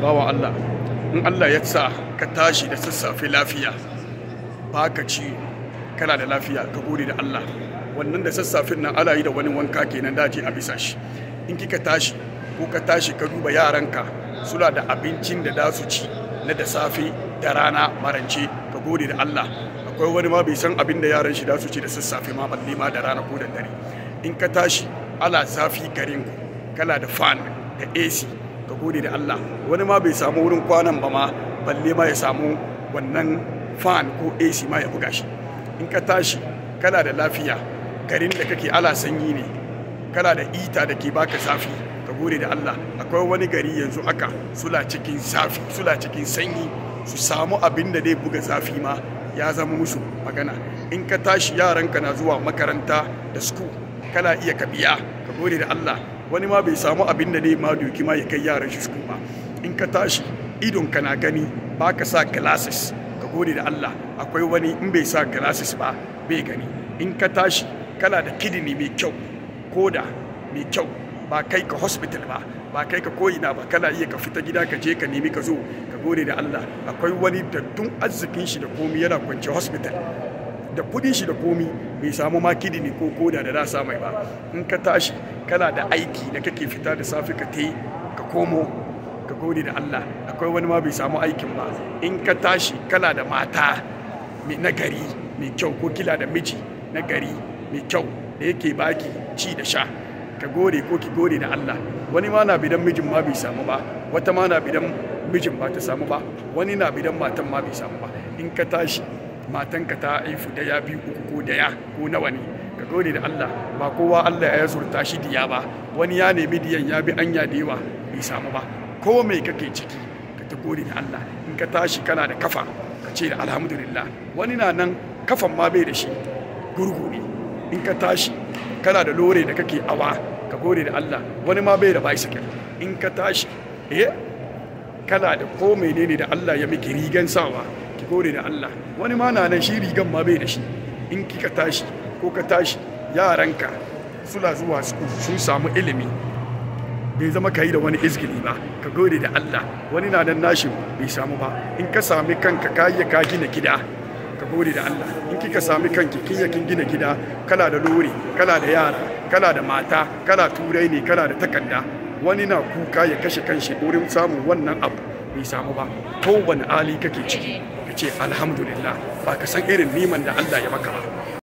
bawa Allah in Allah ya sa ka tashi da sassafe lafiya ba ka ci kana da lafiya ka gode da Allah wannan da sassafe nan ala da wani wanka kenan da a bisa shi in kika tashi ko ka tashi ka duba yaranka suna da abincin da da su ci na da safe da rana marance ka gode da Allah akwai wani ma bai san abin da yaran shi da su ci da sassafe ma balle ma da rana ko da dare in ka tashi ala zafi garin kala da fan da AC ka gode da Allah wani ma bai samu wurin kwanan ba ma balle ma ya samu wannan fan ko AC ma ya buga shi in ka tashi kana da lafiya garin da kake ala sanyi ne kana da ita da ke baka zafi ka gode da Allah akwai wani gari yanzu aka sula cikin zafi sula cikin sanyi su samu abin da zai buga zafi ma ya zama musu magana in ka tashi yaranka na zuwa makaranta da school kana iya ka biya ka gode da Allah wani ma bai samu abin da dai ma doki ma ya kai yaran shi su ba in ka tashi idon ka na gani ba ka sa glasses ka gode da Allah akwai wani in bai sa glasses ba bai gani in ka tashi kana da kidini mai kyau koda mai kyau ba kai ka hospital ba ba kai ka na ba kana iya ka fita gida ka je ka nemi ka zo ka gode da Allah akwai wani dattun arzikin shi da komi yana kwance hospital da kudin shi da komi bai samu ma kidini ko koda da za sa mai ba in ka tashi kana da aiki da kake fita da safi ka tai ka komo ka gode da Allah akwai wani ma bai samu aikin ba in ka tashi kana da mata mai nagari mai kyau ko kila da miji nagari mai kyau da yake baki ci da sha ka gode ko ki gode da Allah wani ma na bidan mijin ma bai samu ba wata ma na bidan mijin ba ta samu ba wani na bidan matan ma bai samu ba in ka tashi matanka ta haifu da ya biyu uku ko da ya ko nawa ne ka gode da Allah ba kowa Allah ya zurta shi diya ba wani ya nemi diyan ya bi anya da yawa bai samu ba ko mai kake ciki ka ta gode da Allah in ka tashi kana da kafa ka ce da alhamdulillah wani na nan kafan ma bai da shi gurgu ne in ka tashi kana da lore da kake awa ka gode da Allah wani ma bai da bicycle in ka tashi eh kana da ko menene da Allah ya miki rigan sawa kore da Allah wani ma na nan shi rigan ma bai da shi in kika tashi ko ka tashi yaranka suna zuwa sun samu ilimi bai zama ka yi da wani izgili ba ka gode da Allah wani na nan nashi bai samu ba in ka sami kanka ka yi ka gina gida ka gode da Allah in kika sami kanki kin yi kin gina gida kana da lori kana da yara kana da mata kana turai ne kana da takarda wani na kuka ya kashe kanshi wurin samun wannan abu bai samu ba kowane ali kake ciki ka ce alhamdulillah ba ka san irin niman da Allah ya maka ba